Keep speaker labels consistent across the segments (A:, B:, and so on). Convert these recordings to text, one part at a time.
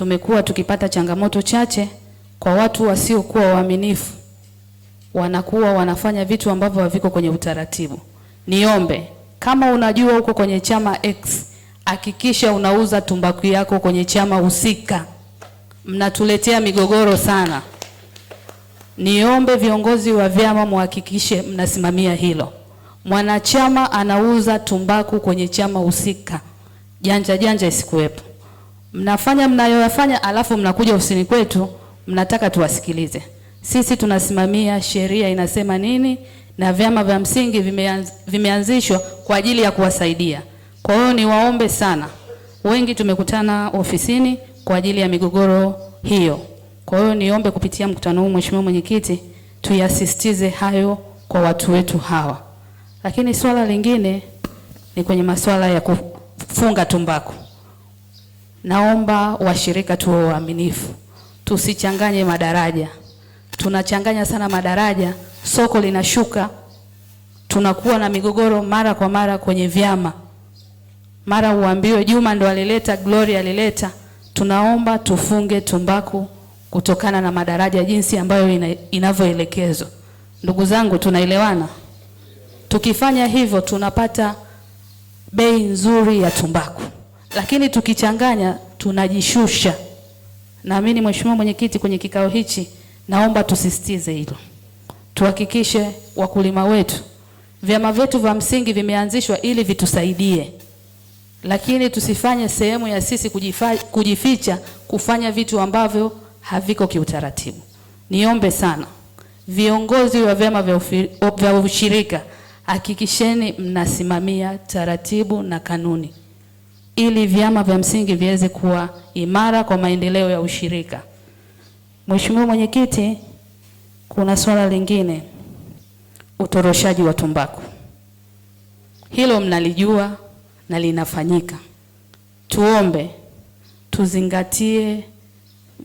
A: tumekuwa tukipata changamoto chache kwa watu wasiokuwa waaminifu, wanakuwa wanafanya vitu ambavyo haviko kwenye utaratibu. Niombe kama unajua uko kwenye chama X, hakikisha unauza tumbaku yako kwenye chama husika. Mnatuletea migogoro sana. Niombe viongozi wa vyama muhakikishe mnasimamia hilo. Mwanachama anauza tumbaku kwenye chama husika, janja janja isikuwepo mnafanya mnayoyafanya, alafu mnakuja ofisini kwetu mnataka tuwasikilize. Sisi tunasimamia sheria inasema nini, na vyama vya msingi vimeanz, vimeanzishwa kwa ajili ya kuwasaidia. Kwa hiyo niwaombe sana, wengi tumekutana ofisini kwa ajili ya migogoro hiyo. Kwa hiyo niombe kupitia mkutano huu, Mheshimiwa Mwenyekiti, tuyasisitize hayo kwa watu wetu hawa. Lakini swala lingine ni kwenye masuala ya kufunga tumbaku. Naomba washirika tuwe waaminifu, tusichanganye madaraja. Tunachanganya sana madaraja, soko linashuka, tunakuwa na migogoro mara kwa mara kwenye vyama, mara uambiwe Juma ndo alileta, Glory alileta. Tunaomba tufunge tumbaku kutokana na madaraja jinsi ambayo ina, inavyoelekezwa. Ndugu zangu, tunaelewana? Tukifanya hivyo tunapata bei nzuri ya tumbaku lakini tukichanganya tunajishusha. Naamini Mheshimiwa Mwenyekiti, kwenye kikao hichi naomba tusisitize hilo, tuhakikishe wakulima wetu, vyama vyetu vya msingi vimeanzishwa ili vitusaidie, lakini tusifanye sehemu ya sisi kujifa, kujificha kufanya vitu ambavyo haviko kiutaratibu. Niombe sana viongozi wa vyama vya ushirika, hakikisheni mnasimamia taratibu na kanuni ili vyama vya msingi viweze kuwa imara kwa maendeleo ya ushirika. Mheshimiwa Mwenyekiti, kuna swala lingine, utoroshaji wa tumbaku. Hilo mnalijua na linafanyika. Tuombe tuzingatie,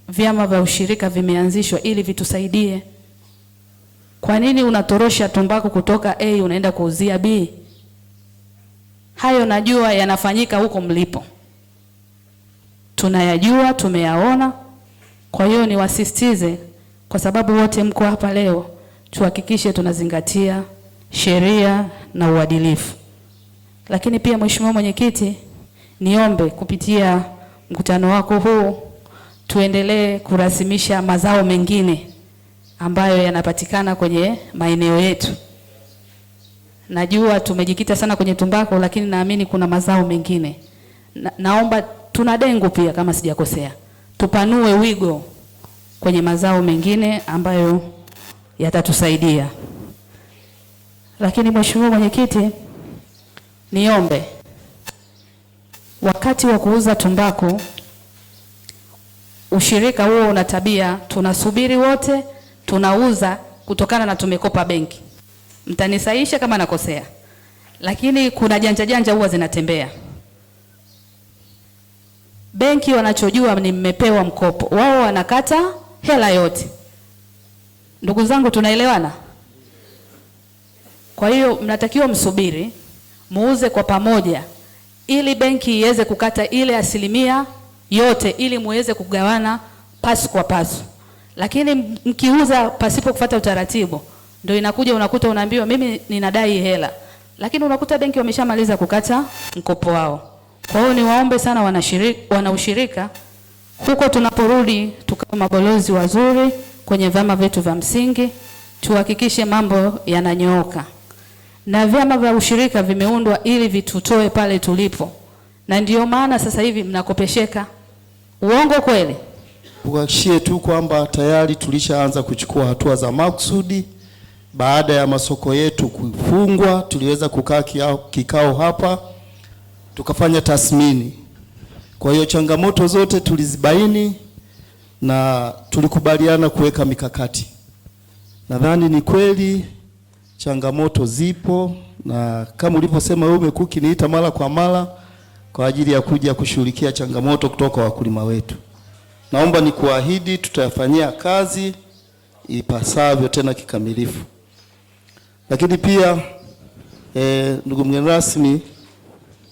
A: vyama vya ushirika vimeanzishwa ili vitusaidie. Kwa nini unatorosha tumbaku kutoka A unaenda kuuzia B? Hayo najua yanafanyika huko mlipo, tunayajua, tumeyaona. Kwa hiyo niwasisitize, kwa sababu wote mko hapa leo, tuhakikishe tunazingatia sheria na uadilifu. Lakini pia Mheshimiwa Mwenyekiti, niombe kupitia mkutano wako huu tuendelee kurasimisha mazao mengine ambayo yanapatikana kwenye maeneo yetu. Najua tumejikita sana kwenye tumbako, lakini naamini kuna mazao mengine na, naomba tuna dengu pia kama sijakosea, tupanue wigo kwenye mazao mengine ambayo yatatusaidia. Lakini Mheshimiwa Mwenyekiti, niombe wakati wa kuuza tumbako ushirika huo una tabia, tunasubiri wote tunauza kutokana na tumekopa benki mtanisaisha kama nakosea, lakini kuna janja janja huwa zinatembea. Benki wanachojua ni mmepewa mkopo, wao wanakata hela yote. Ndugu zangu, tunaelewana? Kwa hiyo mnatakiwa msubiri muuze kwa pamoja, ili benki iweze kukata ile asilimia yote, ili muweze kugawana pasu kwa pasu. Lakini mkiuza pasipo kufuata utaratibu ndio inakuja unakuta unaambiwa mimi ninadai hela, lakini unakuta benki wameshamaliza kukata mkopo wao. Kwa hiyo niwaombe sana wanashirika, wanaushirika huko tunaporudi tukawa mabalozi wazuri kwenye vyama vyetu vya msingi, tuhakikishe mambo yananyooka, na vyama vya ushirika vimeundwa ili vitutoe pale tulipo, na ndiyo maana sasa hivi mnakopesheka. Uongo kweli?
B: Kuhakikishie tu kwamba tayari tulishaanza kuchukua hatua za makusudi baada ya masoko yetu kufungwa, tuliweza kukaa kikao hapa tukafanya tathmini. Kwa hiyo changamoto zote tulizibaini na tulikubaliana kuweka mikakati. Nadhani ni kweli changamoto zipo, na kama ulivyosema wewe, umekuwa ukiniita mara kwa mara kwa ajili ya kuja kushughulikia changamoto kutoka wakulima wetu. Naomba nikuahidi tutayafanyia kazi ipasavyo tena kikamilifu. Lakini pia e, ndugu mgeni rasmi,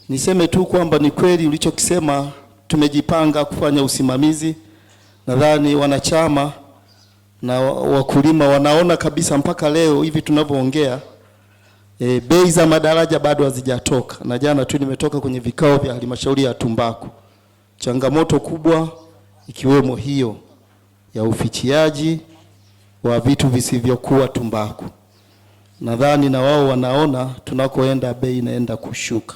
B: niseme tu kwamba ni kweli ulichokisema, tumejipanga kufanya usimamizi. Nadhani wanachama na wakulima wanaona kabisa mpaka leo hivi tunavyoongea, e, bei za madaraja bado hazijatoka, na jana tu nimetoka kwenye vikao vya halmashauri ya tumbaku, changamoto kubwa ikiwemo hiyo ya ufichiaji wa vitu visivyokuwa tumbaku nadhani na wao wanaona tunakoenda bei inaenda kushuka.